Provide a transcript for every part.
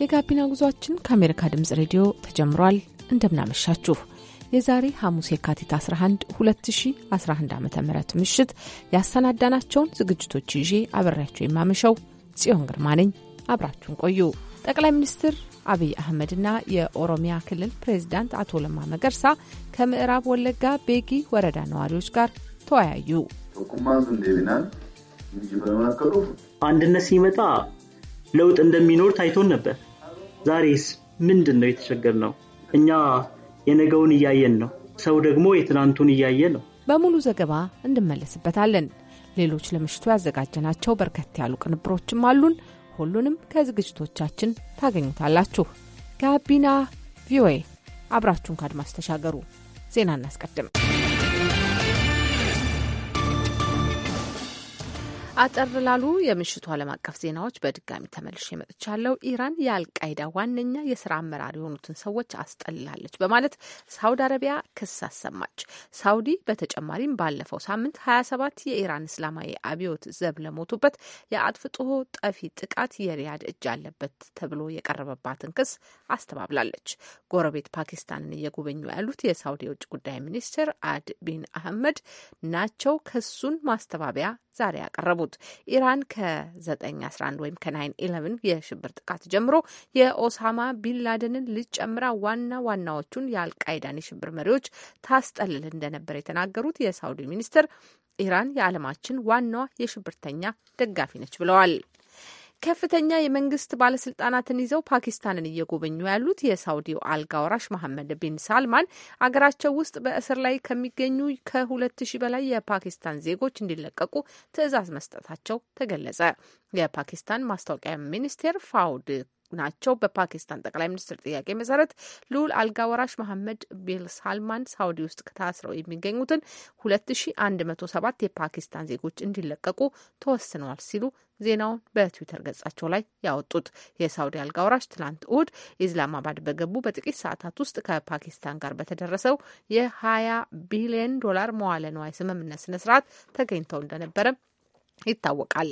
የጋቢና ጉዟችን ከአሜሪካ ድምፅ ሬዲዮ ተጀምሯል። እንደምናመሻችሁ የዛሬ ሐሙስ የካቲት 11 2011 ዓ ም ምሽት ያሰናዳናቸውን ዝግጅቶች ይዤ አበሬያቸው የማመሸው ጽዮን ግርማ ነኝ። አብራችሁን ቆዩ። ጠቅላይ ሚኒስትር አብይ አህመድና የኦሮሚያ ክልል ፕሬዚዳንት አቶ ለማ መገርሳ ከምዕራብ ወለጋ ቤጊ ወረዳ ነዋሪዎች ጋር ተወያዩ። አንድነት ሲመጣ ለውጥ እንደሚኖር ታይቶን ነበር። ዛሬስ ምንድን ነው የተቸገር ነው? እኛ የነገውን እያየን ነው፣ ሰው ደግሞ የትናንቱን እያየ ነው። በሙሉ ዘገባ እንመለስበታለን። ሌሎች ለምሽቱ ያዘጋጀናቸው በርከት ያሉ ቅንብሮችም አሉን። ሁሉንም ከዝግጅቶቻችን ታገኙታላችሁ። ጋቢና ቪኦኤ፣ አብራችሁን ከአድማስ ተሻገሩ። ዜና እናስቀድም። አጠር ላሉ የምሽቱ ዓለም አቀፍ ዜናዎች በድጋሚ ተመልሼ መጥቻለሁ። ኢራን የአልቃይዳ ዋነኛ የስራ አመራር የሆኑትን ሰዎች አስጠልላለች በማለት ሳውዲ አረቢያ ክስ አሰማች። ሳውዲ በተጨማሪም ባለፈው ሳምንት 27 የኢራን እስላማዊ አብዮት ዘብ ለሞቱበት የአጥፍጦ ጠፊ ጥቃት የሪያድ እጅ አለበት ተብሎ የቀረበባትን ክስ አስተባብላለች። ጎረቤት ፓኪስታንን እየጎበኙ ያሉት የሳውዲ የውጭ ጉዳይ ሚኒስትር አድ ቢን አህመድ ናቸው ክሱን ማስተባበያ ዛሬ ያቀረቡት ኢራን ከ911 ወይም ከ911 የሽብር ጥቃት ጀምሮ የኦሳማ ቢንላደንን ልጅ ጨምራ ዋና ዋናዎቹን የአልቃይዳን የሽብር መሪዎች ታስጠልል እንደነበር የተናገሩት የሳውዲ ሚኒስትር ኢራን የዓለማችን ዋናዋ የሽብርተኛ ደጋፊ ነች ብለዋል። ከፍተኛ የመንግስት ባለስልጣናትን ይዘው ፓኪስታንን እየጎበኙ ያሉት የሳውዲው አልጋ ወራሽ መሐመድ ቢን ሳልማን አገራቸው ውስጥ በእስር ላይ ከሚገኙ ከሁለት ሺህ በላይ የፓኪስታን ዜጎች እንዲለቀቁ ትዕዛዝ መስጠታቸው ተገለጸ። የፓኪስታን ማስታወቂያ ሚኒስቴር ፋውድ ናቸው። በፓኪስታን ጠቅላይ ሚኒስትር ጥያቄ መሰረት ልዑል አልጋ ወራሽ መሐመድ ቢል ሳልማን ሳውዲ ውስጥ ታስረው የሚገኙትን 2107 የፓኪስታን ዜጎች እንዲለቀቁ ተወስነዋል ሲሉ ዜናውን በትዊተር ገጻቸው ላይ ያወጡት የሳውዲ አልጋ ወራሽ ትላንት እሁድ ኢስላማባድ በገቡ በጥቂት ሰዓታት ውስጥ ከፓኪስታን ጋር በተደረሰው የ20 ቢሊዮን ዶላር መዋለ ንዋይ ስምምነት ስነስርዓት ተገኝተው እንደነበረም ይታወቃል።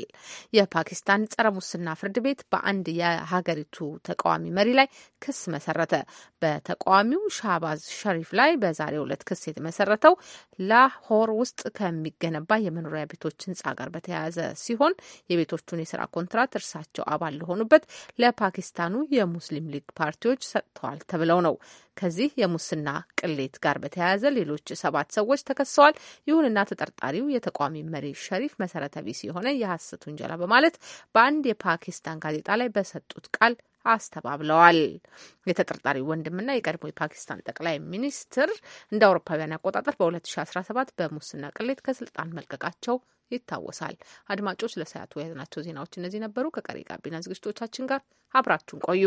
የፓኪስታን ጸረ ሙስና ፍርድ ቤት በአንድ የሀገሪቱ ተቃዋሚ መሪ ላይ ክስ መሰረተ። በተቃዋሚው ሻባዝ ሸሪፍ ላይ በዛሬው ዕለት ክስ የተመሰረተው ላሆር ውስጥ ከሚገነባ የመኖሪያ ቤቶች ህንፃ ጋር በተያያዘ ሲሆን የቤቶቹን የስራ ኮንትራት እርሳቸው አባል ለሆኑበት ለፓኪስታኑ የሙስሊም ሊግ ፓርቲዎች ሰጥተዋል ተብለው ነው። ከዚህ የሙስና ቅሌት ጋር በተያያዘ ሌሎች ሰባት ሰዎች ተከሰዋል። ይሁንና ተጠርጣሪው የተቃዋሚ መሪ ሸሪፍ መሰረተ ቢስ ፖሊሲ የሆነ የሐሰት ውንጀላ በማለት በአንድ የፓኪስታን ጋዜጣ ላይ በሰጡት ቃል አስተባብለዋል። የተጠርጣሪ ወንድምና የቀድሞ የፓኪስታን ጠቅላይ ሚኒስትር እንደ አውሮፓውያን አቆጣጠር በ2017 በሙስና ቅሌት ከስልጣን መልቀቃቸው ይታወሳል። አድማጮች ለሰያቱ የያዝናቸው ዜናዎች እነዚህ ነበሩ። ከቀሪ ጋቢና ዝግጅቶቻችን ጋር አብራችሁን ቆዩ።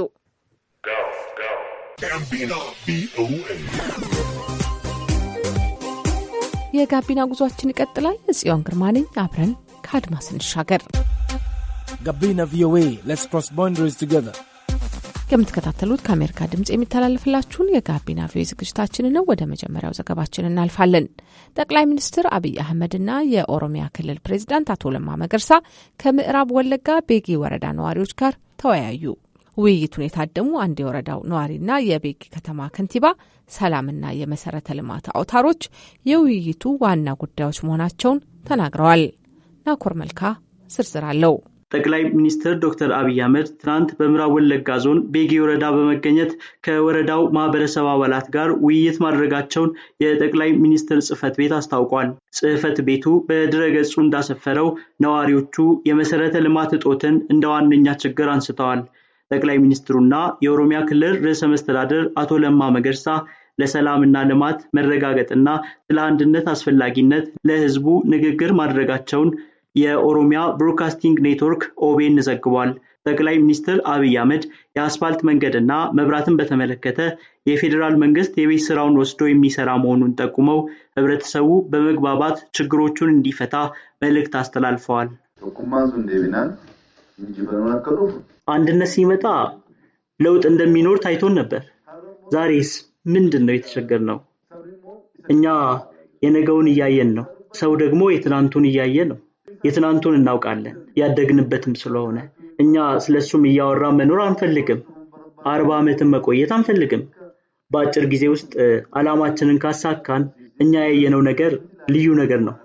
የጋቢና ጉዟችን ይቀጥላል። ጽዮን ግርማ ነኝ። አብረን ከአድማስ እንሻገር። ጋቢና ቪኦኤ ሌትስ ክሮስ ቦንደሪስ ቱጌዘር የምትከታተሉት ከአሜሪካ ድምፅ የሚተላለፍላችሁን የጋቢና ቪኦኤ ዝግጅታችንን ነው። ወደ መጀመሪያው ዘገባችን እናልፋለን። ጠቅላይ ሚኒስትር አብይ አህመድና የኦሮሚያ ክልል ፕሬዚዳንት አቶ ለማ መገርሳ ከምዕራብ ወለጋ ቤጊ ወረዳ ነዋሪዎች ጋር ተወያዩ። ውይይቱን የታደሙ አንድ የወረዳው ነዋሪና የቤጊ ከተማ ከንቲባ ሰላምና የመሰረተ ልማት አውታሮች የውይይቱ ዋና ጉዳዮች መሆናቸውን ተናግረዋል። ናኮር መልካ ዝርዝር አለው። ጠቅላይ ሚኒስትር ዶክተር አብይ አህመድ ትናንት በምዕራብ ወለጋ ዞን ቤጌ ወረዳ በመገኘት ከወረዳው ማህበረሰብ አባላት ጋር ውይይት ማድረጋቸውን የጠቅላይ ሚኒስትር ጽህፈት ቤት አስታውቋል። ጽህፈት ቤቱ በድረገጹ እንዳሰፈረው ነዋሪዎቹ የመሰረተ ልማት እጦትን እንደ ዋነኛ ችግር አንስተዋል። ጠቅላይ ሚኒስትሩና የኦሮሚያ ክልል ርዕሰ መስተዳደር አቶ ለማ መገርሳ ለሰላምና ልማት መረጋገጥና ስለ አንድነት አስፈላጊነት ለህዝቡ ንግግር ማድረጋቸውን የኦሮሚያ ብሮድካስቲንግ ኔትወርክ ኦቤን ዘግቧል። ጠቅላይ ሚኒስትር አብይ አህመድ የአስፋልት መንገድና መብራትን በተመለከተ የፌዴራል መንግስት የቤት ስራውን ወስዶ የሚሰራ መሆኑን ጠቁመው ህብረተሰቡ በመግባባት ችግሮቹን እንዲፈታ መልእክት አስተላልፈዋል። አንድነት ሲመጣ ለውጥ እንደሚኖር ታይቶን ነበር። ዛሬስ ምንድን ነው የተቸገር ነው? እኛ የነገውን እያየን ነው፣ ሰው ደግሞ የትናንቱን እያየ ነው። የትናንቱን እናውቃለን፣ ያደግንበትም ስለሆነ እኛ ስለ እሱም እያወራ መኖር አንፈልግም። አርባ ዓመትን መቆየት አንፈልግም። በአጭር ጊዜ ውስጥ አላማችንን ካሳካን እኛ ያየነው ነገር ልዩ ነገር ነው።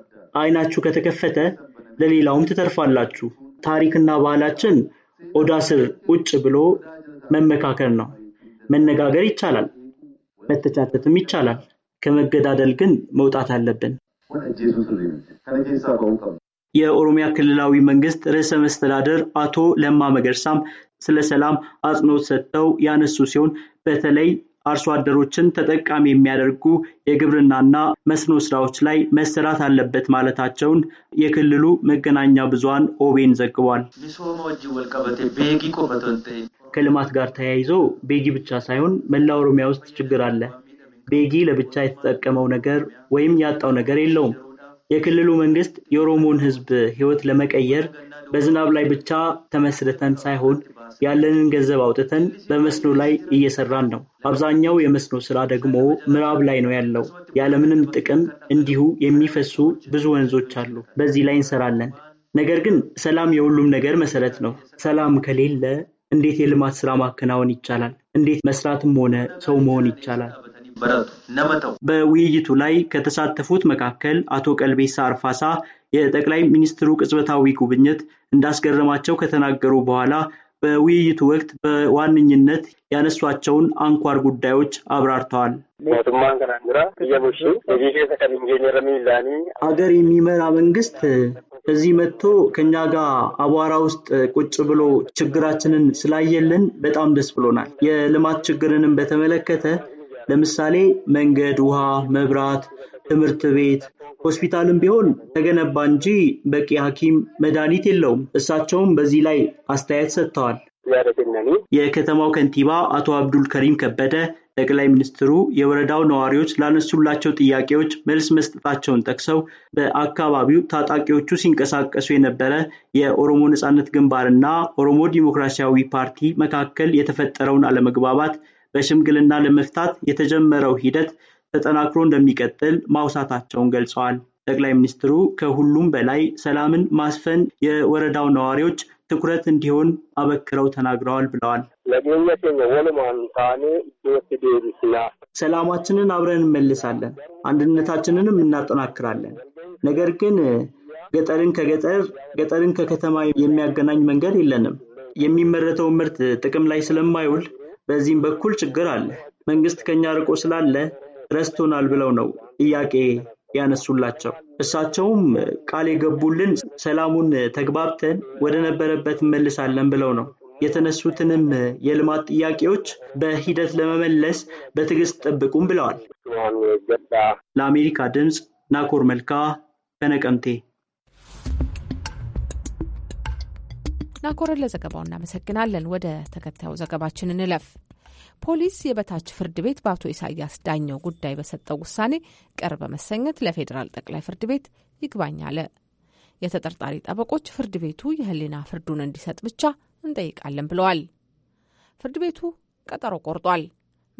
አይናችሁ ከተከፈተ ለሌላውም ትተርፋላችሁ። ታሪክና ባህላችን ኦዳ ስር ውጭ ብሎ መመካከር ነው። መነጋገር ይቻላል፣ መተቻተትም ይቻላል። ከመገዳደል ግን መውጣት አለብን። የኦሮሚያ ክልላዊ መንግስት ርዕሰ መስተዳደር አቶ ለማ መገርሳም ስለ ሰላም አጽንኦት ሰጥተው ያነሱ ሲሆን በተለይ አርሶ አደሮችን ተጠቃሚ የሚያደርጉ የግብርናና መስኖ ስራዎች ላይ መሰራት አለበት ማለታቸውን የክልሉ መገናኛ ብዙሃን ኦቤን ዘግቧል። ከልማት ጋር ተያይዞ ቤጊ ብቻ ሳይሆን መላ ኦሮሚያ ውስጥ ችግር አለ። ቤጊ ለብቻ የተጠቀመው ነገር ወይም ያጣው ነገር የለውም። የክልሉ መንግስት የኦሮሞን ህዝብ ህይወት ለመቀየር በዝናብ ላይ ብቻ ተመስርተን ሳይሆን ያለንን ገንዘብ አውጥተን በመስኖ ላይ እየሰራን ነው። አብዛኛው የመስኖ ስራ ደግሞ ምዕራብ ላይ ነው ያለው። ያለምንም ጥቅም እንዲሁ የሚፈሱ ብዙ ወንዞች አሉ። በዚህ ላይ እንሰራለን። ነገር ግን ሰላም የሁሉም ነገር መሰረት ነው። ሰላም ከሌለ እንዴት የልማት ስራ ማከናወን ይቻላል? እንዴት መስራትም ሆነ ሰው መሆን ይቻላል? በውይይቱ ላይ ከተሳተፉት መካከል አቶ ቀልቤሳ አርፋሳ የጠቅላይ ሚኒስትሩ ቅጽበታዊ ጉብኝት እንዳስገረማቸው ከተናገሩ በኋላ በውይይቱ ወቅት በዋነኝነት ያነሷቸውን አንኳር ጉዳዮች አብራርተዋል። አገር የሚመራ መንግስት እዚህ መጥቶ ከኛ ጋር አቧራ ውስጥ ቁጭ ብሎ ችግራችንን ስላየልን በጣም ደስ ብሎናል። የልማት ችግርንም በተመለከተ ለምሳሌ መንገድ፣ ውሃ፣ መብራት፣ ትምህርት ቤት፣ ሆስፒታልም ቢሆን ተገነባ እንጂ በቂ ሐኪም መድኃኒት የለውም። እሳቸውም በዚህ ላይ አስተያየት ሰጥተዋል። የከተማው ከንቲባ አቶ አብዱል ከሪም ከበደ ጠቅላይ ሚኒስትሩ የወረዳው ነዋሪዎች ላነሱላቸው ጥያቄዎች መልስ መስጠታቸውን ጠቅሰው በአካባቢው ታጣቂዎቹ ሲንቀሳቀሱ የነበረ የኦሮሞ ነጻነት ግንባርና ኦሮሞ ዲሞክራሲያዊ ፓርቲ መካከል የተፈጠረውን አለመግባባት በሽምግልና ለመፍታት የተጀመረው ሂደት ተጠናክሮ እንደሚቀጥል ማውሳታቸውን ገልጸዋል። ጠቅላይ ሚኒስትሩ ከሁሉም በላይ ሰላምን ማስፈን የወረዳው ነዋሪዎች ትኩረት እንዲሆን አበክረው ተናግረዋል ብለዋል። ሰላማችንን አብረን እንመልሳለን፣ አንድነታችንንም እናጠናክራለን። ነገር ግን ገጠርን ከገጠር ገጠርን ከከተማ የሚያገናኝ መንገድ የለንም። የሚመረተውን ምርት ጥቅም ላይ ስለማይውል በዚህም በኩል ችግር አለ። መንግስት ከኛ ርቆ ስላለ ረስቶናል ብለው ነው ጥያቄ ያነሱላቸው። እሳቸውም ቃል የገቡልን ሰላሙን ተግባብተን ወደ ነበረበት እንመልሳለን ብለው ነው። የተነሱትንም የልማት ጥያቄዎች በሂደት ለመመለስ በትዕግስት ጠብቁም ብለዋል። ለአሜሪካ ድምፅ ናኮር መልካ ከነቀምቴ ናኮርን ለዘገባው እናመሰግናለን። ወደ ተከታዩ ዘገባችን እንለፍ። ፖሊስ የበታች ፍርድ ቤት በአቶ ኢሳያስ ዳኘው ጉዳይ በሰጠው ውሳኔ ቀር በመሰኘት ለፌዴራል ጠቅላይ ፍርድ ቤት ይግባኝ አለ። የተጠርጣሪ ጠበቆች ፍርድ ቤቱ የህሊና ፍርዱን እንዲሰጥ ብቻ እንጠይቃለን ብለዋል። ፍርድ ቤቱ ቀጠሮ ቆርጧል።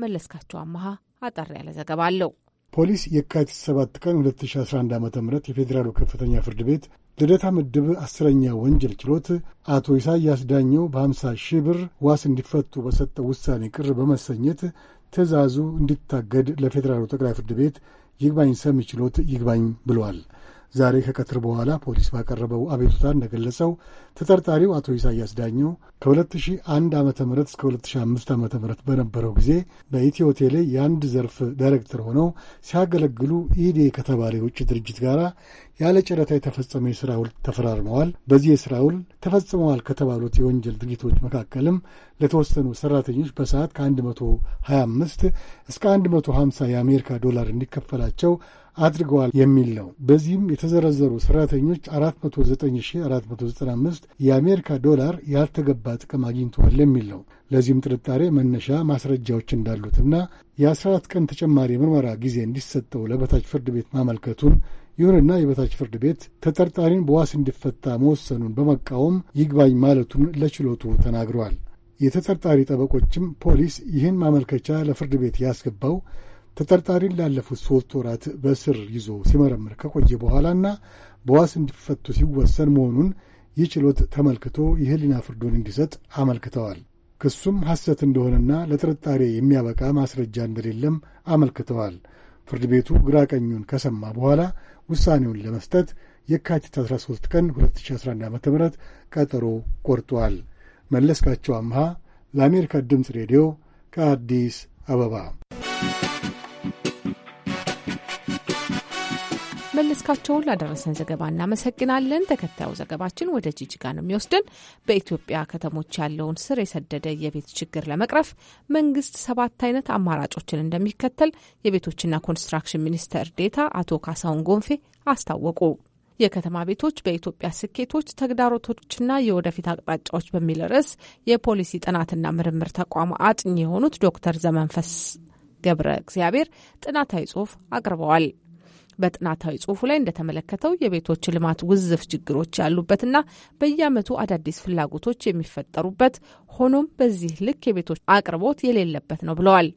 መለስካቸው አመሃ አጠር ያለ ዘገባ አለው። ፖሊስ የካቲት 7 ቀን 2011 ዓ ም የፌዴራሉ ከፍተኛ ፍርድ ቤት ልደታ ምድብ አስረኛ ወንጀል ችሎት አቶ ኢሳያስ ዳኘው በ ሺህ ብር ዋስ እንዲፈቱ በሰጠው ውሳኔ ቅር በመሰኘት ትዕዛዙ እንዲታገድ ለፌዴራሉ ጠቅላይ ፍርድ ቤት ይግባኝ ሰሚ ችሎት ይግባኝ ብሏል። ዛሬ ከቀትር በኋላ ፖሊስ ባቀረበው አቤቱታ እንደገለጸው ተጠርጣሪው አቶ ኢሳያስ ዳኘው ከ2001 ዓ ም እስከ 2005 ዓ ም በነበረው ጊዜ በኢትዮ ቴሌ የአንድ ዘርፍ ዳይሬክተር ሆነው ሲያገለግሉ ኢዴ ከተባለ የውጭ ድርጅት ጋር ያለ ጨረታ የተፈጸመ የሥራ ውል ተፈራርመዋል። በዚህ የሥራ ውል ተፈጽመዋል ከተባሉት የወንጀል ድርጊቶች መካከልም ለተወሰኑ ሠራተኞች በሰዓት ከ125 እስከ 150 የአሜሪካ ዶላር እንዲከፈላቸው አድርገዋል የሚል ነው። በዚህም የተዘረዘሩ ሰራተኞች 409495 የአሜሪካ ዶላር ያልተገባ ጥቅም አግኝተዋል የሚል ነው። ለዚህም ጥርጣሬ መነሻ ማስረጃዎች እንዳሉትና የ14 ቀን ተጨማሪ ምርመራ ጊዜ እንዲሰጠው ለበታች ፍርድ ቤት ማመልከቱን ይሁንና የበታች ፍርድ ቤት ተጠርጣሪን በዋስ እንዲፈታ መወሰኑን በመቃወም ይግባኝ ማለቱን ለችሎቱ ተናግረዋል። የተጠርጣሪ ጠበቆችም ፖሊስ ይህን ማመልከቻ ለፍርድ ቤት ያስገባው ተጠርጣሪን ላለፉት ሶስት ወራት በእስር ይዞ ሲመረምር ከቆየ በኋላና በዋስ እንዲፈቱ ሲወሰን መሆኑን ይህ ችሎት ተመልክቶ የህሊና ፍርዱን እንዲሰጥ አመልክተዋል። ክሱም ሐሰት እንደሆነና ለጥርጣሬ የሚያበቃ ማስረጃ እንደሌለም አመልክተዋል። ፍርድ ቤቱ ግራ ቀኙን ከሰማ በኋላ ውሳኔውን ለመስጠት የካቲት 13 ቀን 2011 ዓ ም ቀጠሮ ቆርጧል። መለስካቸው አምሃ ለአሜሪካ ድምፅ ሬዲዮ ከአዲስ አበባ መለስካቸውን ላደረሰን ዘገባ እናመሰግናለን። ተከታዩ ዘገባችን ወደ ጂጂጋ ነው የሚወስድን። በኢትዮጵያ ከተሞች ያለውን ስር የሰደደ የቤት ችግር ለመቅረፍ መንግስት ሰባት አይነት አማራጮችን እንደሚከተል የቤቶችና ኮንስትራክሽን ሚኒስትር ዴታ አቶ ካሳሁን ጎንፌ አስታወቁ። የከተማ ቤቶች በኢትዮጵያ ስኬቶች፣ ተግዳሮቶችና የወደፊት አቅጣጫዎች በሚል ርዕስ የፖሊሲ ጥናትና ምርምር ተቋም አጥኚ የሆኑት ዶክተር ዘመንፈስ ገብረ እግዚአብሔር ጥናታዊ ጽሑፍ አቅርበዋል። በጥናታዊ ጽሁፉ ላይ እንደተመለከተው የቤቶች ልማት ውዝፍ ችግሮች ያሉበትና በየአመቱ አዳዲስ ፍላጎቶች የሚፈጠሩበት ሆኖም በዚህ ልክ የቤቶች አቅርቦት የሌለበት ነው ብለዋል።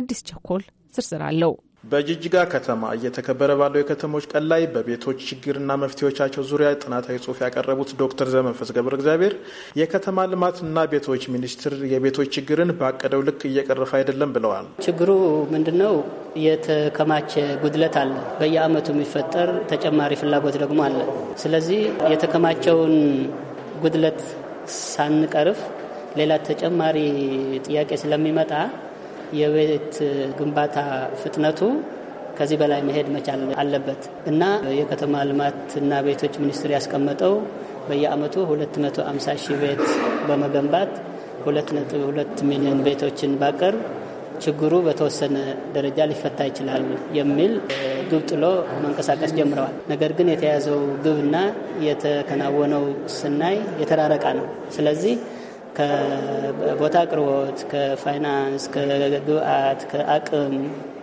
አዲስ ቸኮል ዝርዝር አለው። በጅጅጋ ከተማ እየተከበረ ባለው የከተሞች ቀን ላይ በቤቶች ችግርና መፍትሄዎቻቸው ዙሪያ ጥናታዊ ጽሑፍ ያቀረቡት ዶክተር ዘመንፈስ ገብረ እግዚአብሔር የከተማ ልማትና ቤቶች ሚኒስቴር የቤቶች ችግርን ባቀደው ልክ እየቀረፈ አይደለም ብለዋል። ችግሩ ምንድነው? የተከማቸ ጉድለት አለ። በየአመቱ የሚፈጠር ተጨማሪ ፍላጎት ደግሞ አለ። ስለዚህ የተከማቸውን ጉድለት ሳንቀርፍ ሌላ ተጨማሪ ጥያቄ ስለሚመጣ የቤት ግንባታ ፍጥነቱ ከዚህ በላይ መሄድ መቻል አለበት እና የከተማ ልማትና ቤቶች ሚኒስቴር ያስቀመጠው በየአመቱ 250 ሺህ ቤት በመገንባት 2.2 ሚሊዮን ቤቶችን ባቀር ችግሩ በተወሰነ ደረጃ ሊፈታ ይችላል የሚል ግብ ጥሎ መንቀሳቀስ ጀምረዋል። ነገር ግን የተያዘው ግብና የተከናወነው ስናይ የተራረቀ ነው። ስለዚህ ከቦታ አቅርቦት፣ ከፋይናንስ፣ ከግብአት፣ ከአቅም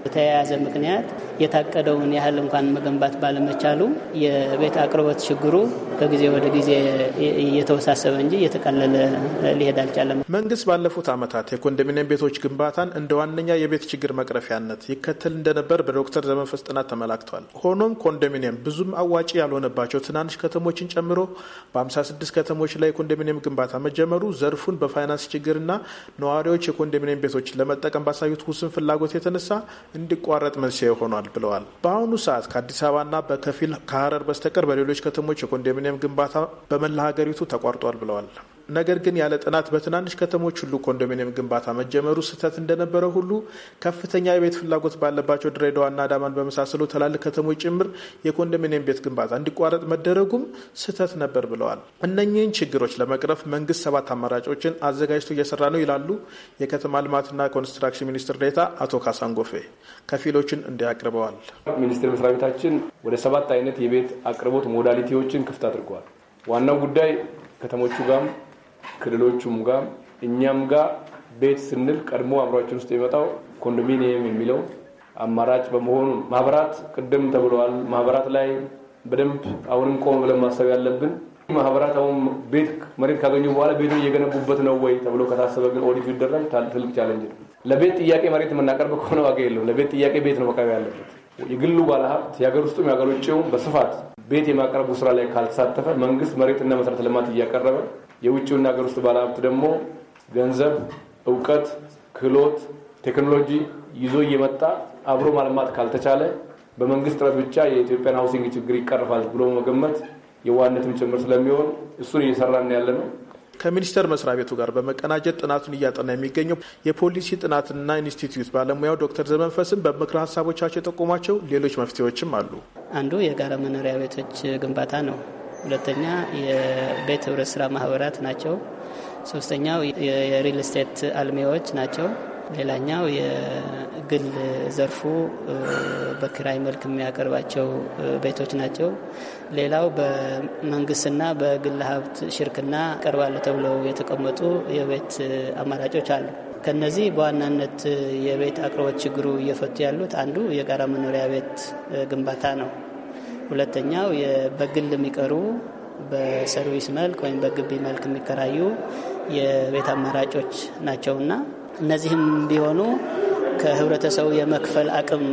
በተያያዘ ምክንያት የታቀደውን ያህል እንኳን መገንባት ባለመቻሉ የቤት አቅርቦት ችግሩ ከጊዜ ወደ ጊዜ እየተወሳሰበ እንጂ እየተቀለለ ሊሄድ አልቻለም። መንግስት ባለፉት ዓመታት የኮንዶሚኒየም ቤቶች ግንባታን እንደ ዋነኛ የቤት ችግር መቅረፊያነት ይከተል እንደነበር በዶክተር ዘመንፈስ ጥናት ተመላክቷል። ሆኖም ኮንዶሚኒየም ብዙም አዋጪ ያልሆነባቸው ትናንሽ ከተሞችን ጨምሮ በ56 ከተሞች ላይ የኮንዶሚኒየም ግንባታ መጀመሩ ዘርፉን በፋይናንስ ችግርና ነዋሪዎች የኮንዶሚኒየም ቤቶችን ለመጠቀም ባሳዩት ውስን ፍላጎት የተነሳ እንዲቋረጥ መንስኤ ሆኗል ብለዋል። በአሁኑ ሰዓት ከአዲስ አበባና በከፊል ከሀረር በስተቀር በሌሎች ከተሞች የኮንዶሚኒየም ግንባታ በመላ ሀገሪቱ ተቋርጧል ብለዋል። ነገር ግን ያለ ጥናት በትናንሽ ከተሞች ሁሉ ኮንዶሚኒየም ግንባታ መጀመሩ ስህተት እንደነበረ ሁሉ ከፍተኛ የቤት ፍላጎት ባለባቸው ድሬዳዋና አዳማን በመሳሰሉ ትላልቅ ከተሞች ጭምር የኮንዶሚኒየም ቤት ግንባታ እንዲቋረጥ መደረጉም ስህተት ነበር ብለዋል። እነኚህን ችግሮች ለመቅረፍ መንግስት ሰባት አማራጮችን አዘጋጅቶ እየሰራ ነው ይላሉ የከተማ ልማትና ኮንስትራክሽን ሚኒስትር ዴታ አቶ ካሳንጎፌ። ከፊሎችን እንዲያቅርበዋል ሚኒስቴር መስሪያ ቤታችን ወደ ሰባት አይነት የቤት አቅርቦት ሞዳሊቲዎችን ክፍት አድርገዋል። ዋናው ጉዳይ ከተሞቹ ጋም ክልሎቹም ጋር እኛም ጋር ቤት ስንል ቀድሞ አእምሯችን ውስጥ የሚመጣው ኮንዶሚኒየም የሚለው አማራጭ በመሆኑ ማህበራት ቅድም ተብለዋል። ማህበራት ላይ በደንብ አሁንም ቆም ብለን ማሰብ ያለብን ማህበራት አሁን ቤት መሬት ካገኙ በኋላ ቤቱ እየገነቡበት ነው ወይ ተብሎ ከታሰበ ግን ኦዲት ቢደረግ ትልቅ ቻለንጅ ነው። ለቤት ጥያቄ መሬት የምናቀርብ ከሆነ ዋጋ የለውም። ለቤት ጥያቄ ቤት ነው መቅረብ ያለበት። የግሉ ባለሀብት የሀገር ውስጡም የሀገር ውጭውም በስፋት ቤት የማቅረቡ ስራ ላይ ካልተሳተፈ መንግስት መሬትና መሰረተ ልማት እያቀረበ የውጭውና ሀገር ውስጥ ባለሀብት ደግሞ ገንዘብ፣ እውቀት፣ ክህሎት፣ ቴክኖሎጂ ይዞ እየመጣ አብሮ ማልማት ካልተቻለ በመንግስት ጥረት ብቻ የኢትዮጵያን ሀውሲንግ ችግር ይቀርፋል ብሎ መገመት የዋነትም ጭምር ስለሚሆን እሱን እየሰራን ያለ ነው። ከሚኒስቴር መስሪያ ቤቱ ጋር በመቀናጀት ጥናቱን እያጠና የሚገኘው የፖሊሲ ጥናትና ኢንስቲትዩት ባለሙያው ዶክተር ዘመንፈስን በምክረ ሀሳቦቻቸው የጠቆሟቸው ሌሎች መፍትሄዎችም አሉ። አንዱ የጋራ መኖሪያ ቤቶች ግንባታ ነው። ሁለተኛ የቤት ህብረት ስራ ማህበራት ናቸው። ሶስተኛው የሪል ስቴት አልሚዎች ናቸው። ሌላኛው የግል ዘርፉ በክራይ መልክ የሚያቀርባቸው ቤቶች ናቸው። ሌላው በመንግስትና በግል ሀብት ሽርክና ቀርባለ ተብለው የተቀመጡ የቤት አማራጮች አሉ። ከነዚህ በዋናነት የቤት አቅርቦት ችግሩ እየፈቱ ያሉት አንዱ የጋራ መኖሪያ ቤት ግንባታ ነው። ሁለተኛው በግል የሚቀሩ በሰርቪስ መልክ ወይም በግቢ መልክ የሚከራዩ የቤት አማራጮች ናቸውና እነዚህም ቢሆኑ ከህብረተሰቡ የመክፈል አቅም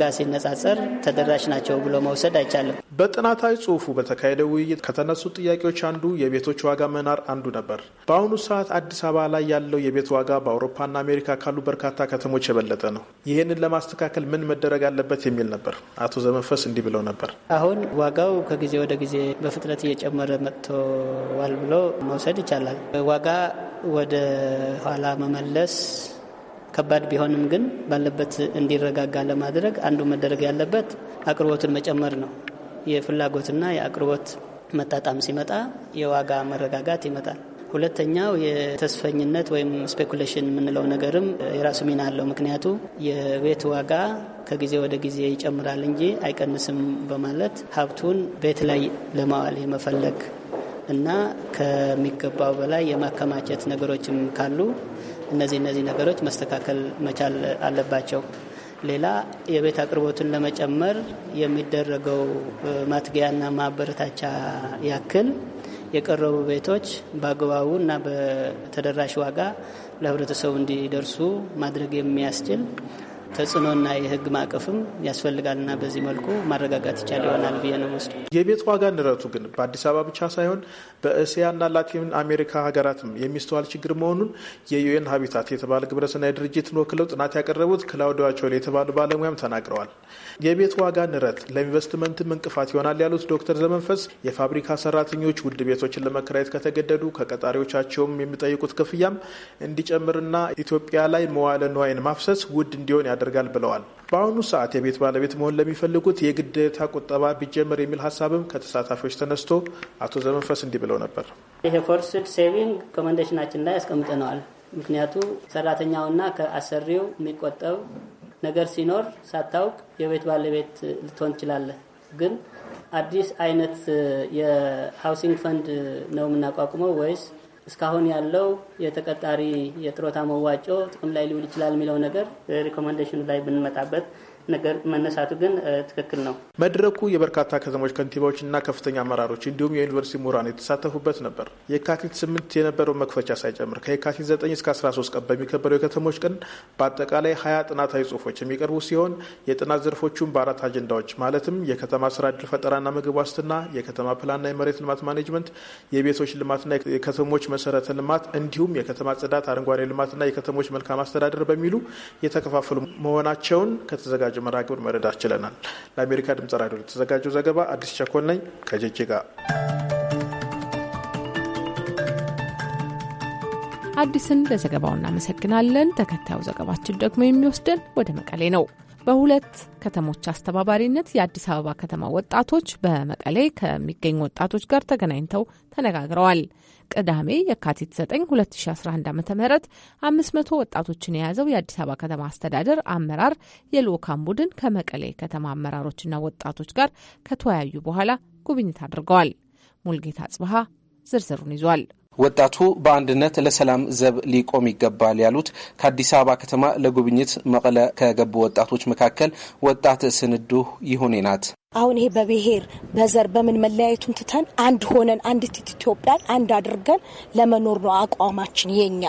ጋር ሲነጻጸር ተደራሽ ናቸው ብሎ መውሰድ አይቻልም። በጥናታዊ ጽሁፉ በተካሄደው ውይይት ከተነሱ ጥያቄዎች አንዱ የቤቶች ዋጋ መናር አንዱ ነበር። በአሁኑ ሰዓት አዲስ አበባ ላይ ያለው የቤት ዋጋ በአውሮፓና አሜሪካ ካሉ በርካታ ከተሞች የበለጠ ነው። ይህንን ለማስተካከል ምን መደረግ አለበት የሚል ነበር። አቶ ዘመንፈስ እንዲህ ብለው ነበር። አሁን ዋጋው ከጊዜ ወደ ጊዜ በፍጥነት እየጨመረ መጥተዋል ብሎ መውሰድ ይቻላል። ዋጋ ወደ ኋላ መመለስ ከባድ ቢሆንም ግን ባለበት እንዲረጋጋ ለማድረግ አንዱ መደረግ ያለበት አቅርቦትን መጨመር ነው። የፍላጎትና የአቅርቦት መጣጣም ሲመጣ የዋጋ መረጋጋት ይመጣል። ሁለተኛው የተስፈኝነት ወይም ስፔኩሌሽን የምንለው ነገርም የራሱ ሚና አለው። ምክንያቱ የቤት ዋጋ ከጊዜ ወደ ጊዜ ይጨምራል እንጂ አይቀንስም በማለት ሀብቱን ቤት ላይ ለማዋል የመፈለግ እና ከሚገባው በላይ የማከማቸት ነገሮችም ካሉ እነዚህ እነዚህ ነገሮች መስተካከል መቻል አለባቸው። ሌላ የቤት አቅርቦትን ለመጨመር የሚደረገው ማትጊያና ማበረታቻ ያክል የቀረቡ ቤቶች በአግባቡ እና በተደራሽ ዋጋ ለህብረተሰቡ እንዲደርሱ ማድረግ የሚያስችል ተጽዕኖና የህግ ማዕቀፍም ያስፈልጋልና በዚህ መልኩ ማረጋጋት ይቻል ይሆናል ብዬ ነው ወስድ። የቤት ዋጋ ንረቱ ግን በአዲስ አበባ ብቻ ሳይሆን በእስያና ላቲን አሜሪካ ሀገራትም የሚስተዋል ችግር መሆኑን የዩኤን ሀቢታት የተባለ ግብረሰናይ ድርጅትን ወክለው ጥናት ያቀረቡት ክላውዲዋቸውል የተባሉ ባለሙያም ተናግረዋል። የቤት ዋጋ ንረት ለኢንቨስትመንትም እንቅፋት ይሆናል ያሉት ዶክተር ዘመንፈስ የፋብሪካ ሰራተኞች ውድ ቤቶችን ለመከራየት ከተገደዱ ከቀጣሪዎቻቸውም የሚጠይቁት ክፍያም እንዲጨምርና ኢትዮጵያ ላይ መዋለ ንዋይን ማፍሰስ ውድ እንዲሆን ያደርጋል ብለዋል። በአሁኑ ሰዓት የቤት ባለቤት መሆን ለሚፈልጉት የግዴታ ቁጠባ ቢጀመር የሚል ሀሳብም ከተሳታፊዎች ተነስቶ አቶ ዘመንፈስ እንዲህ ብለው ነበር። ይሄ ፎርስድ ሴቪንግ ኮመንዴሽናችን ላይ ያስቀምጠነዋል። ምክንያቱ ሰራተኛውና ከአሰሪው የሚቆጠብ ነገር ሲኖር ሳታውቅ የቤት ባለቤት ልትሆን ትችላለህ። ግን አዲስ አይነት የሃውሲንግ ፈንድ ነው የምናቋቁመው ወይስ እስካሁን ያለው የተቀጣሪ የጥሮታ መዋጮ ጥቅም ላይ ሊውል ይችላል የሚለው ነገር ሪኮመንዴሽኑ eh, ላይ ብንመጣበት ነገር መነሳቱ ግን ትክክል ነው። መድረኩ የበርካታ ከተሞች ከንቲባዎችና ከፍተኛ አመራሮች እንዲሁም የዩኒቨርሲቲ ምሁራን የተሳተፉበት ነበር። የካቲት ስምንት የነበረው መክፈቻ ሳይጨምር ከየካቲት ዘጠኝ እስከ አስራ ሶስት ቀን በሚከበረው የከተሞች ቀን በአጠቃላይ ሀያ ጥናታዊ ጽሁፎች የሚቀርቡ ሲሆን የጥናት ዘርፎቹን በአራት አጀንዳዎች ማለትም የከተማ ስራ እድል ፈጠራና ምግብ ዋስትና፣ የከተማ ፕላንና የመሬት ልማት ማኔጅመንት፣ የቤቶች ልማትና የከተሞች መሰረተ ልማት እንዲሁም የከተማ ጽዳት፣ አረንጓዴ ልማትና የከተሞች መልካም አስተዳደር በሚሉ የተከፋፈሉ መሆናቸውን ከተዘጋጀ ወዳጅ ግብር መረዳት ችለናል። ለአሜሪካ ድምጽ ራዲዮ ለተዘጋጀው ዘገባ አዲስ ቸኮል ነኝ ከጅጅጋ። አዲስን ለዘገባው እናመሰግናለን። ተከታዩ ዘገባችን ደግሞ የሚወስደን ወደ መቀሌ ነው። በሁለት ከተሞች አስተባባሪነት የአዲስ አበባ ከተማ ወጣቶች በመቀሌ ከሚገኙ ወጣቶች ጋር ተገናኝተው ተነጋግረዋል። ቅዳሜ የካቲት 9 2011 ዓ ም 500 ወጣቶችን የያዘው የአዲስ አበባ ከተማ አስተዳደር አመራር የልኡካን ቡድን ከመቀሌ ከተማ አመራሮችና ወጣቶች ጋር ከተወያዩ በኋላ ጉብኝት አድርገዋል። ሙልጌታ ጽብሃ ዝርዝሩን ይዟል። ወጣቱ በአንድነት ለሰላም ዘብ ሊቆም ይገባል ያሉት ከአዲስ አበባ ከተማ ለጉብኝት መቀለ ከገቡ ወጣቶች መካከል ወጣት ስንዱ ይሁኔ ናት። አሁን ይሄ በብሔር በዘር በምን መለያየቱን ትተን አንድ ሆነን አንዲት ኢትዮጵያን አንድ አድርገን ለመኖር ነው አቋማችን የኛ።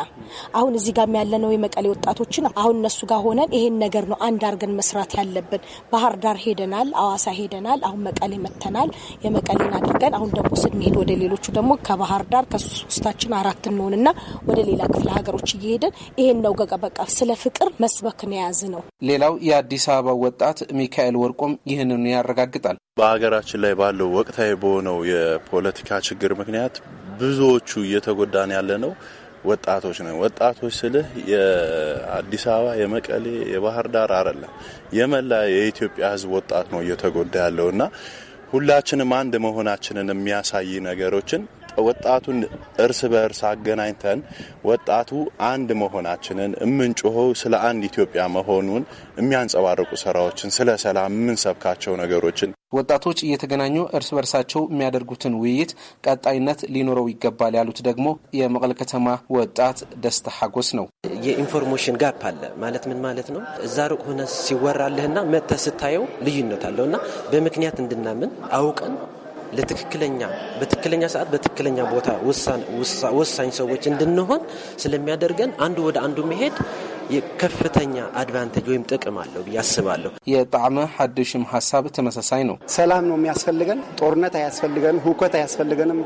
አሁን እዚህ ጋር ያለነው የመቀሌ ወጣቶችን አሁን እነሱ ጋር ሆነን ይሄን ነገር ነው አንድ አድርገን መስራት ያለብን። ባህር ዳር ሄደናል፣ አዋሳ ሄደናል፣ አሁን መቀሌ መተናል። የመቀሌን አድርገን አሁን ደግሞ ስንሄድ ወደ ሌሎቹ ደግሞ ከባህር ዳር ከሶስታችን አራት እንሆንና ወደ ሌላ ክፍለ ሀገሮች እየሄደን ይሄን ነው በቃ ስለ ፍቅር ነው የያዝ ነው። ሌላው የአዲስ አበባ ወጣት ሚካኤል ወርቆም ይህንኑ ያረጋግጣል። ያረጋግጣል። በሀገራችን ላይ ባለው ወቅታዊ በሆነው የፖለቲካ ችግር ምክንያት ብዙዎቹ እየተጎዳን ያለ ነው ወጣቶች ነው። ወጣቶች ስልህ የአዲስ አበባ፣ የመቀሌ፣ የባህር ዳር አይደለም የመላ የኢትዮጵያ ሕዝብ ወጣት ነው እየተጎዳ ያለው እና ሁላችንም አንድ መሆናችንን የሚያሳይ ነገሮችን ወጣቱን እርስ በእርስ አገናኝተን ወጣቱ አንድ መሆናችንን የምንጮኸው ስለ አንድ ኢትዮጵያ መሆኑን የሚያንጸባርቁ ስራዎችን፣ ስለ ሰላም የምንሰብካቸው ነገሮችን ወጣቶች እየተገናኙ እርስ በርሳቸው የሚያደርጉትን ውይይት ቀጣይነት ሊኖረው ይገባል ያሉት ደግሞ የመቀለ ከተማ ወጣት ደስታ ሀጎስ ነው። የኢንፎርሜሽን ጋፕ አለ ማለት ምን ማለት ነው? እዛ ሩቅ ሆነ ሲወራልህና መተ ስታየው ልዩነት አለው እና በምክንያት እንድናምን አውቀን ለትክክለኛ በትክክለኛ ሰዓት በትክክለኛ ቦታ ወሳኝ ሰዎች እንድንሆን ስለሚያደርገን አንዱ ወደ አንዱ መሄድ የከፍተኛ አድቫንቴጅ ወይም ጥቅም አለው ብዬ አስባለሁ። የጣዕመ ሀድሽም ሀሳብ ተመሳሳይ ነው። ሰላም ነው የሚያስፈልገን፣ ጦርነት አያስፈልገንም፣ ሁከት አያስፈልገንም።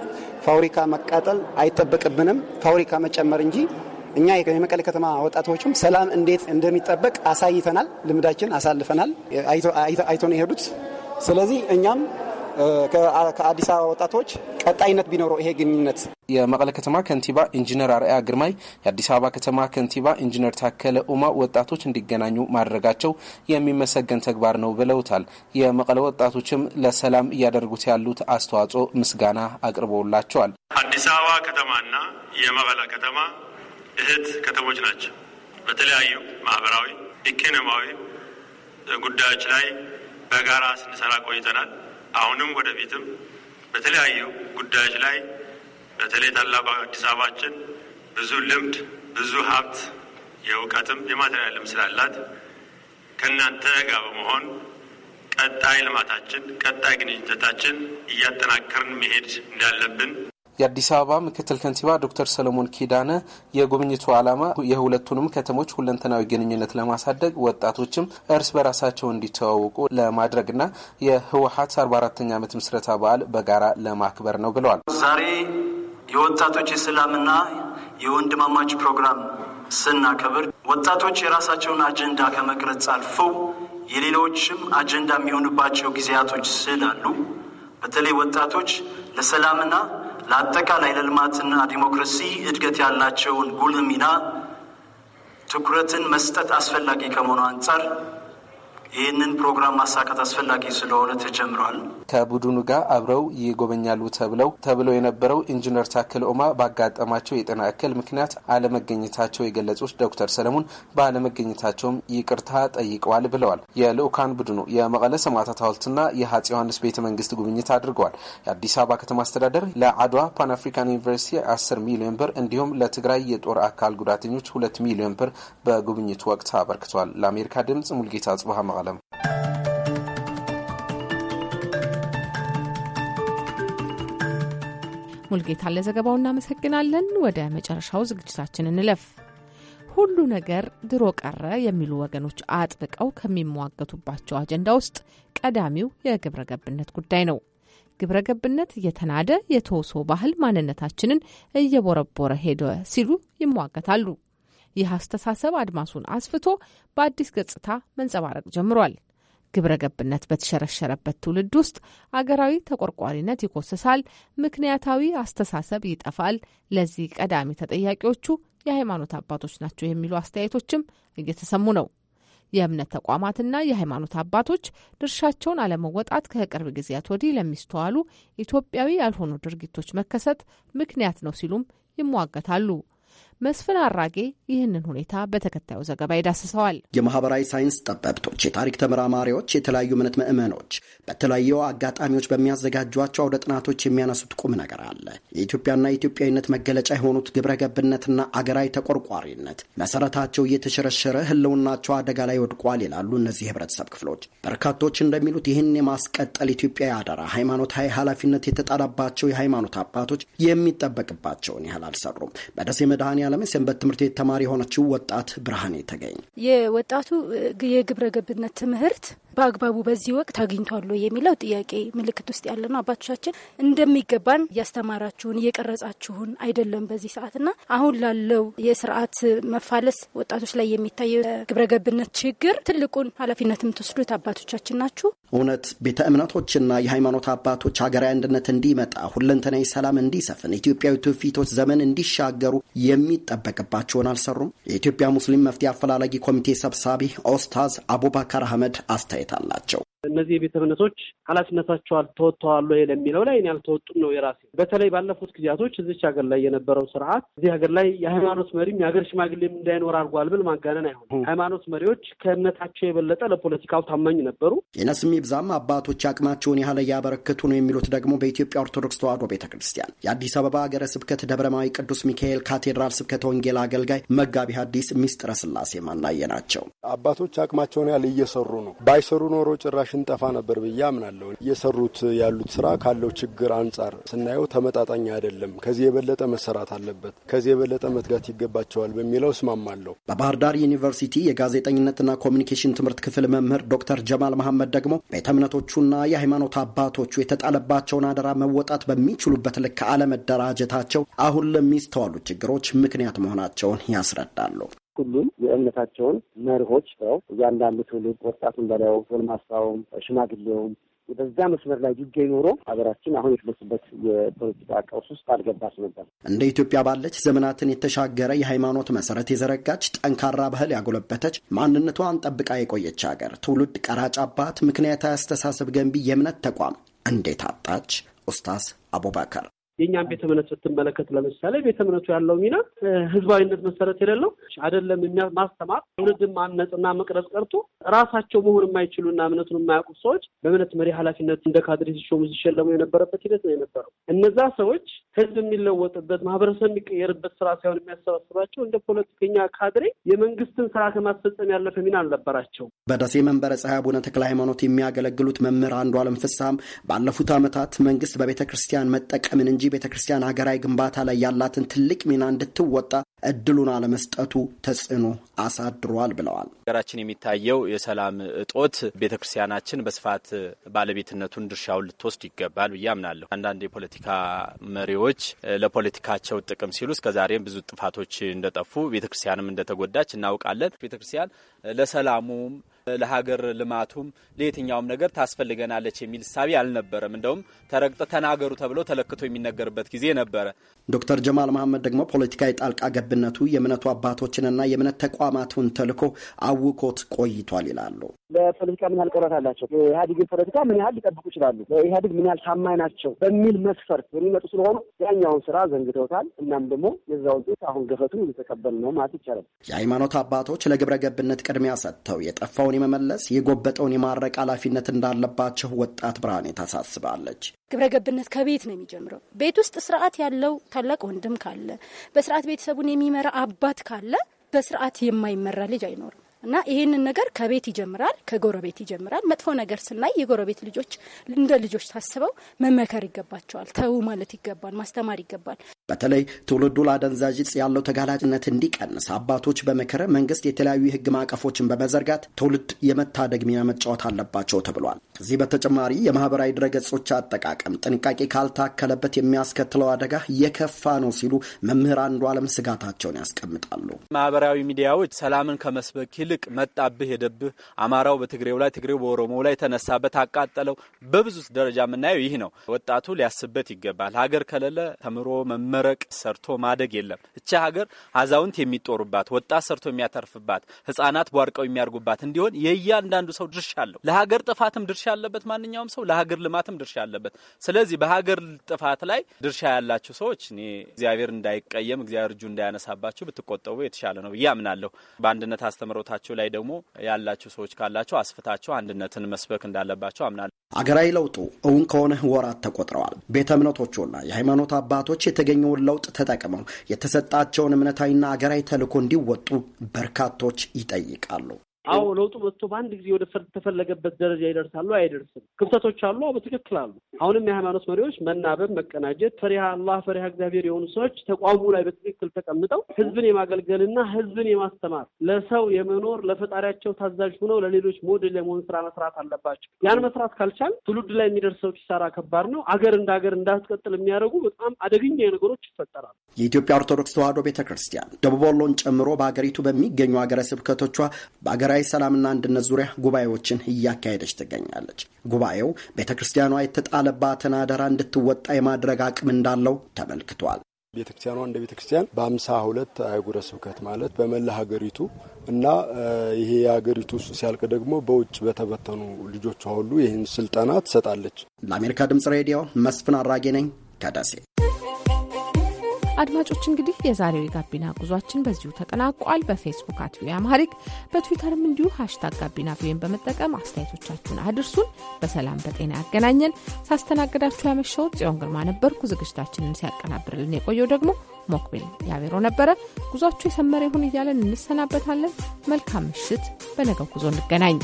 ፋብሪካ መቃጠል አይጠበቅብንም፣ ፋብሪካ መጨመር እንጂ እኛ የመቀሌ ከተማ ወጣቶችም ሰላም እንዴት እንደሚጠበቅ አሳይተናል፣ ልምዳችን አሳልፈናል፣ ነው የሄዱት ስለዚህ እኛም ከአዲስ አበባ ወጣቶች ቀጣይነት ቢኖረው ይሄ ግንኙነት። የመቀለ ከተማ ከንቲባ ኢንጂነር አርአያ ግርማይ የአዲስ አበባ ከተማ ከንቲባ ኢንጂነር ታከለ ኡማ ወጣቶች እንዲገናኙ ማድረጋቸው የሚመሰገን ተግባር ነው ብለውታል። የመቀለ ወጣቶችም ለሰላም እያደረጉት ያሉት አስተዋጽኦ ምስጋና አቅርበውላቸዋል። አዲስ አበባ ከተማና የመቀለ ከተማ እህት ከተሞች ናቸው። በተለያዩ ማህበራዊ ኢኮኖሚያዊ ጉዳዮች ላይ በጋራ ስንሰራ ቆይተናል። አሁንም ወደፊትም በተለያዩ ጉዳዮች ላይ በተለይ ታላቁ አዲስ አበባችን ብዙ ልምድ፣ ብዙ ሀብት የእውቀትም የማቴሪያልም ስላላት ከእናንተ ጋር በመሆን ቀጣይ ልማታችን፣ ቀጣይ ግንኙነታችን እያጠናከርን መሄድ እንዳለብን የአዲስ አበባ ምክትል ከንቲባ ዶክተር ሰለሞን ኪዳነ የጉብኝቱ ዓላማ የሁለቱንም ከተሞች ሁለንተናዊ ግንኙነት ለማሳደግ ወጣቶችም እርስ በራሳቸው እንዲተዋወቁ ለማድረግና የህወሀት አርባ ኛ ዓመት ምስረታ በዓል በጋራ ለማክበር ነው ብለዋል። ዛሬ የወጣቶች የሰላምና የወንድማማች ፕሮግራም ስናከብር ወጣቶች የራሳቸውን አጀንዳ ከመቅረጽ አልፈው የሌሎችም አጀንዳ የሚሆንባቸው ጊዜያቶች ስላሉ በተለይ ወጣቶች ለሰላምና ለአጠቃላይ ለልማትና ዲሞክራሲ እድገት ያላቸውን ጉልህ ሚና ትኩረትን መስጠት አስፈላጊ ከመሆኑ አንጻር ይህንን ፕሮግራም ማሳካት አስፈላጊ ስለሆነ ተጀምሯል። ከቡድኑ ጋር አብረው ይጎበኛሉ ተብለው ተብለው የነበረው ኢንጂነር ታክል ኦማ ባጋጠማቸው የጤና እክል ምክንያት አለመገኘታቸው የገለጹት ዶክተር ሰለሞን በአለመገኘታቸውም ይቅርታ ጠይቀዋል ብለዋል። የልኡካን ቡድኑ የመቀለ ሰማዕታት ሐውልትና የአፄ ዮሐንስ ቤተ መንግስት ጉብኝት አድርገዋል። የአዲስ አበባ ከተማ አስተዳደር ለአድዋ ፓን አፍሪካን ዩኒቨርሲቲ አስር ሚሊዮን ብር እንዲሁም ለትግራይ የጦር አካል ጉዳተኞች ሁለት ሚሊዮን ብር በጉብኝቱ ወቅት አበርክተዋል። ለአሜሪካ ድምጽ ሙልጌታ ጽቡሀ ሙልጌታን ለዘገባው እናመሰግናለን። ወደ መጨረሻው ዝግጅታችን እንለፍ። ሁሉ ነገር ድሮ ቀረ የሚሉ ወገኖች አጥብቀው ከሚሟገቱባቸው አጀንዳ ውስጥ ቀዳሚው የግብረ ገብነት ጉዳይ ነው። ግብረ ገብነት እየተናደ የተውሶ ባህል ማንነታችንን እየቦረቦረ ሄደ ሲሉ ይሟገታሉ። ይህ አስተሳሰብ አድማሱን አስፍቶ በአዲስ ገጽታ መንጸባረቅ ጀምሯል። ግብረ ገብነት በተሸረሸረበት ትውልድ ውስጥ አገራዊ ተቆርቋሪነት ይኮስሳል፣ ምክንያታዊ አስተሳሰብ ይጠፋል። ለዚህ ቀዳሚ ተጠያቂዎቹ የሃይማኖት አባቶች ናቸው የሚሉ አስተያየቶችም እየተሰሙ ነው። የእምነት ተቋማትና የሃይማኖት አባቶች ድርሻቸውን አለመወጣት ከቅርብ ጊዜያት ወዲህ ለሚስተዋሉ ኢትዮጵያዊ ያልሆኑ ድርጊቶች መከሰት ምክንያት ነው ሲሉም ይሟገታሉ። መስፍን አራጌ ይህንን ሁኔታ በተከታዩ ዘገባ ይዳስሰዋል። የማህበራዊ ሳይንስ ጠበብቶች፣ የታሪክ ተመራማሪዎች፣ የተለያዩ እምነት ምዕመኖች በተለያዩ አጋጣሚዎች በሚያዘጋጇቸው አውደ ጥናቶች የሚያነሱት ቁም ነገር አለ። የኢትዮጵያና የኢትዮጵያዊነት መገለጫ የሆኑት ግብረ ገብነትና አገራዊ ተቆርቋሪነት መሰረታቸው እየተሸረሸረ ህልውናቸው አደጋ ላይ ወድቋል ይላሉ እነዚህ የህብረተሰብ ክፍሎች። በርካቶች እንደሚሉት ይህን የማስቀጠል ኢትዮጵያ አደራ ሃይማኖታዊ ኃላፊነት የተጣለባቸው የሃይማኖት አባቶች የሚጠበቅባቸውን ያህል አልሰሩም። በደሴ መድኃኔ መድኃኔዓለም ሰንበት ትምህርት ቤት ተማሪ የሆነችው ወጣት ብርሃኔ ተገኝ የወጣቱ የግብረ ገብነት ትምህርት በአግባቡ በዚህ ወቅት አግኝቷሉ የሚለው ጥያቄ ምልክት ውስጥ ያለ ነው። አባቶቻችን እንደሚገባን እያስተማራችሁን እየቀረጻችሁን አይደለም በዚህ ሰዓትና አሁን ላለው የስርዓት መፋለስ ወጣቶች ላይ የሚታየው ግብረገብነት ችግር ትልቁን ኃላፊነት የምትወስዱት አባቶቻችን ናችሁ። እውነት ቤተ እምነቶችና የሃይማኖት አባቶች ሀገራዊ አንድነት እንዲመጣ፣ ሁለንተናዊ ሰላም እንዲሰፍን፣ ኢትዮጵያዊ ትውፊቶች ዘመን እንዲሻገሩ የሚጠበቅባቸውን አልሰሩም። የኢትዮጵያ ሙስሊም መፍትሄ አፈላላጊ ኮሚቴ ሰብሳቢ ኦስታዝ አቡባከር አህመድ አስተያየት አስተያየት አላቸው። እነዚህ የቤተ እምነቶች ኃላፊነታቸው አልተወጥተዋል ወይ ለሚለው ላይ እኔ አልተወጡም ነው የራሴ። በተለይ ባለፉት ጊዜያቶች እዚች ሀገር ላይ የነበረው ስርዓት እዚህ ሀገር ላይ የሃይማኖት መሪም የሀገር ሽማግሌም እንዳይኖር አድርጓል ብል ማጋነን አይሆንም። ሃይማኖት መሪዎች ከእምነታቸው የበለጠ ለፖለቲካው ታማኝ ነበሩ። የነስም ይብዛም አባቶች አቅማቸውን ያህል እያበረከቱ ነው የሚሉት ደግሞ በኢትዮጵያ ኦርቶዶክስ ተዋህዶ ቤተ ክርስቲያን የአዲስ አበባ ሀገረ ስብከት ደብረማዊ ቅዱስ ሚካኤል ካቴድራል ስብከተ ወንጌል አገልጋይ መጋቢ ሐዲስ ሚስጥረ ስላሴ ማናየ ናቸው። አባቶች አቅማቸውን ያህል እየሰሩ ነው። ባይሰሩ ኖሮ ጭራሽ ግማሽ ነበር ብዬ አምናለሁ። እየሰሩት ያሉት ስራ ካለው ችግር አንጻር ስናየው ተመጣጣኝ አይደለም። ከዚህ የበለጠ መሰራት አለበት፣ ከዚህ የበለጠ መትጋት ይገባቸዋል በሚለው እስማማለሁ። በባህር ዳር ዩኒቨርሲቲ የጋዜጠኝነትና ኮሚኒኬሽን ትምህርት ክፍል መምህር ዶክተር ጀማል መሐመድ ደግሞ ቤተ እምነቶቹና የሃይማኖት አባቶቹ የተጣለባቸውን አደራ መወጣት በሚችሉበት ልክ አለመደራጀታቸው አሁን ለሚስተዋሉ ችግሮች ምክንያት መሆናቸውን ያስረዳሉ። ሁሉም የእምነታቸውን መርሆች ሰው እያንዳንዱ ትውልድ ወጣቱን በለው ጎልማሳውም ሽማግሌውም በዛ መስመር ላይ ቢገኝ ኖሮ ሀገራችን አሁን የተደስበት የፖለቲካ ቀውስ ውስጥ አልገባስ ነበር። እንደ ኢትዮጵያ ባለች ዘመናትን የተሻገረ የሃይማኖት መሰረት የዘረጋች ጠንካራ ባህል ያጎለበተች ማንነቷን ጠብቃ የቆየች ሀገር ትውልድ ቀራጭ አባት ምክንያታዊ አስተሳሰብ ገንቢ የእምነት ተቋም እንዴት አጣች? ኡስታዝ አቡበከር የእኛም ቤተ እምነት ስትመለከት ለምሳሌ ቤተ እምነቱ ያለው ሚና ህዝባዊነት መሰረት የሌለው አይደለም። ማስተማር ትውልድን እና መቅረጽ ቀርቶ ራሳቸው መሆን የማይችሉና እምነቱን የማያውቁ ሰዎች በእምነት መሪ ኃላፊነት እንደ ካድሬ ሲሾሙ ሲሸለሙ የነበረበት ሂደት ነው የነበረው። እነዛ ሰዎች ህዝብ የሚለወጥበት ማህበረሰብ የሚቀየርበት ስራ ሳይሆን የሚያሰባስባቸው እንደ ፖለቲከኛ ካድሬ የመንግስትን ስራ ከማስፈጸም ያለፈ ሚና አልነበራቸው። በደሴ መንበረ ጸሐይ አቡነ ተክለ ሃይማኖት የሚያገለግሉት መምህር አንዱ አለም ባለፉት ዓመታት መንግስት በቤተ ክርስቲያን መጠቀምን እንጂ ቤተ ክርስቲያን ሀገራዊ ግንባታ ላይ ያላትን ትልቅ ሚና እንድትወጣ እድሉን አለመስጠቱ ተጽዕኖ አሳድሯል ብለዋል። ሀገራችን የሚታየው የሰላም እጦት ቤተ ክርስቲያናችን በስፋት ባለቤትነቱን ድርሻውን ልትወስድ ይገባል ብዬ አምናለሁ። አንዳንድ የፖለቲካ መሪዎች ለፖለቲካቸው ጥቅም ሲሉ እስከዛሬም ብዙ ጥፋቶች እንደጠፉ ቤተ ክርስቲያንም እንደተጎዳች እናውቃለን። ቤተ ክርስቲያን ለሰላሙም ለሀገር ልማቱም ለየትኛውም ነገር ታስፈልገናለች የሚል እሳቤ አልነበረም። እንደውም ተረግጠ ተናገሩ ተብለው ተለክቶ የሚነገርበት ጊዜ ነበረ። ዶክተር ጀማል መሐመድ ደግሞ ፖለቲካዊ ጣልቃ ገብ ገብነቱ የእምነቱ አባቶችንና የእምነት ተቋማቱን ተልኮ አውቆት ቆይቷል ይላሉ። ለፖለቲካ ምን ያህል ቅርበት አላቸው፣ የኢህአዴግን ፖለቲካ ምን ያህል ሊጠብቁ ይችላሉ፣ ለኢህአዴግ ምን ያህል ታማኝ ናቸው በሚል መስፈርት የሚመጡ ስለሆኑ ያኛውን ስራ ዘንግተውታል። እናም ደግሞ የዛ ውጤት አሁን ገፈቱን እየተቀበል ነው ማለት ይቻላል። የሃይማኖት አባቶች ለግብረ ገብነት ቅድሚያ ሰጥተው የጠፋውን የመመለስ የጎበጠውን የማድረቅ ኃላፊነት እንዳለባቸው ወጣት ብርሃኔ ታሳስባለች። ግብረ ገብነት ከቤት ነው የሚጀምረው። ቤት ውስጥ ስርዓት ያለው ታላቅ ወንድም ካለ፣ በስርዓት ቤተሰቡን የሚመራ አባት ካለ በስርዓት የማይመራ ልጅ አይኖርም። እና ይህንን ነገር ከቤት ይጀምራል፣ ከጎረቤት ይጀምራል። መጥፎ ነገር ስናይ የጎረቤት ልጆች እንደ ልጆች ታስበው መመከር ይገባቸዋል። ተዉ ማለት ይገባል፣ ማስተማር ይገባል። በተለይ ትውልዱ ለአደንዛዥ ያለው ተጋላጭነት እንዲቀንስ አባቶች በመከረ መንግስት የተለያዩ የህግ ማዕቀፎችን በመዘርጋት ትውልድ የመታደግ ሚና መጫወት አለባቸው ተብሏል። ከዚህ በተጨማሪ የማህበራዊ ድረገጾች አጠቃቀም ጥንቃቄ ካልታከለበት የሚያስከትለው አደጋ የከፋ ነው ሲሉ መምህር አንዱ አለም ስጋታቸውን ያስቀምጣሉ። ማህበራዊ ሚዲያዎች ሰላምን ከመስበክ ውልቅ መጣብህ ሄደብህ አማራው በትግሬው ላይ ትግሬው በኦሮሞ ላይ ተነሳበት አቃጠለው በብዙ ደረጃ የምናየው ይህ ነው። ወጣቱ ሊያስብበት ይገባል። ሀገር ከሌለ ተምሮ መመረቅ ሰርቶ ማደግ የለም። እቺ ሀገር አዛውንት የሚጦሩባት፣ ወጣት ሰርቶ የሚያተርፍባት፣ ህጻናት ቧርቀው የሚያርጉባት እንዲሆን የእያንዳንዱ ሰው ድርሻ አለው። ለሀገር ጥፋትም ድርሻ አለበት። ማንኛውም ሰው ለሀገር ልማትም ድርሻ አለበት። ስለዚህ በሀገር ጥፋት ላይ ድርሻ ያላችሁ ሰዎች እኔ እግዚአብሔር እንዳይቀየም እግዚአብሔር እጁ እንዳያነሳባችሁ ብትቆጠቡ የተሻለ ነው ብዬ አምናለሁ። በአንድነት አስተምሮታቸው በራሳችሁ ላይ ደግሞ ያላቸው ሰዎች ካላቸው አስፍታቸው አንድነትን መስበክ እንዳለባቸው አምናለሁ። አገራዊ ለውጡ እውን ከሆነ ወራት ተቆጥረዋል። ቤተ እምነቶቹና የሃይማኖት አባቶች የተገኘውን ለውጥ ተጠቅመው የተሰጣቸውን እምነታዊና አገራዊ ተልዕኮ እንዲወጡ በርካቶች ይጠይቃሉ። አዎ ለውጡ መጥቶ በአንድ ጊዜ ወደ ተፈለገበት ደረጃ ይደርሳሉ አይደርስም። ክፍተቶች አሉ፣ በትክክል አሉ። አሁንም የሃይማኖት መሪዎች መናበብ፣ መቀናጀት፣ ፈሪሃ አላህ ፈሪሃ እግዚአብሔር የሆኑ ሰዎች ተቋሙ ላይ በትክክል ተቀምጠው ህዝብን የማገልገልና ህዝብን የማስተማር ለሰው የመኖር ለፈጣሪያቸው ታዛዥ ሆነው ለሌሎች ሞዴል የመሆን ስራ መስራት አለባቸው። ያን መስራት ካልቻል ትውልድ ላይ የሚደርሰው ኪሳራ ከባድ ነው። አገር እንደ ሀገር እንዳትቀጥል የሚያደርጉ በጣም አደገኛ ነገሮች ይፈጠራሉ። የኢትዮጵያ ኦርቶዶክስ ተዋሕዶ ቤተ ክርስቲያን ደቡብ ወሎን ጨምሮ በሀገሪቱ በሚገኙ ሀገረ ስብከቶቿ በብሔራዊ ሰላምና አንድነት ዙሪያ ጉባኤዎችን እያካሄደች ትገኛለች። ጉባኤው ቤተ ክርስቲያኗ የተጣለባትን አደራ እንድትወጣ የማድረግ አቅም እንዳለው ተመልክቷል። ቤተ ክርስቲያኗ እንደ ቤተ ክርስቲያን በአምሳ ሁለት አህጉረ ስብከት ማለት በመላ ሀገሪቱ እና ይሄ የሀገሪቱ ውስጥ ሲያልቅ ደግሞ በውጭ በተበተኑ ልጆቿ ሁሉ ይህን ስልጠና ትሰጣለች። ለአሜሪካ ድምጽ ሬዲዮ መስፍን አራጌ ነኝ ከደሴ። አድማጮች እንግዲህ የዛሬው የጋቢና ጉዟችን በዚሁ ተጠናቋል። በፌስቡክ አት ቪኦኤ አማሪክ በትዊተርም እንዲሁ ሀሽታግ ጋቢና ቪኦኤን በመጠቀም አስተያየቶቻችሁን አድርሱን። በሰላም በጤና ያገናኘን። ሳስተናግዳችሁ ያመሸሁት ጽዮን ግርማ ነበርኩ። ዝግጅታችንን ሲያቀናብርልን የቆየው ደግሞ ሞክቤል ያቤሮ ነበረ። ጉዟችሁ የሰመረ ይሁን እያለን እንሰናበታለን። መልካም ምሽት። በነገው ጉዞ እንገናኝ።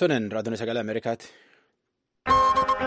Tunan raaduna sagalee Ameerikaati.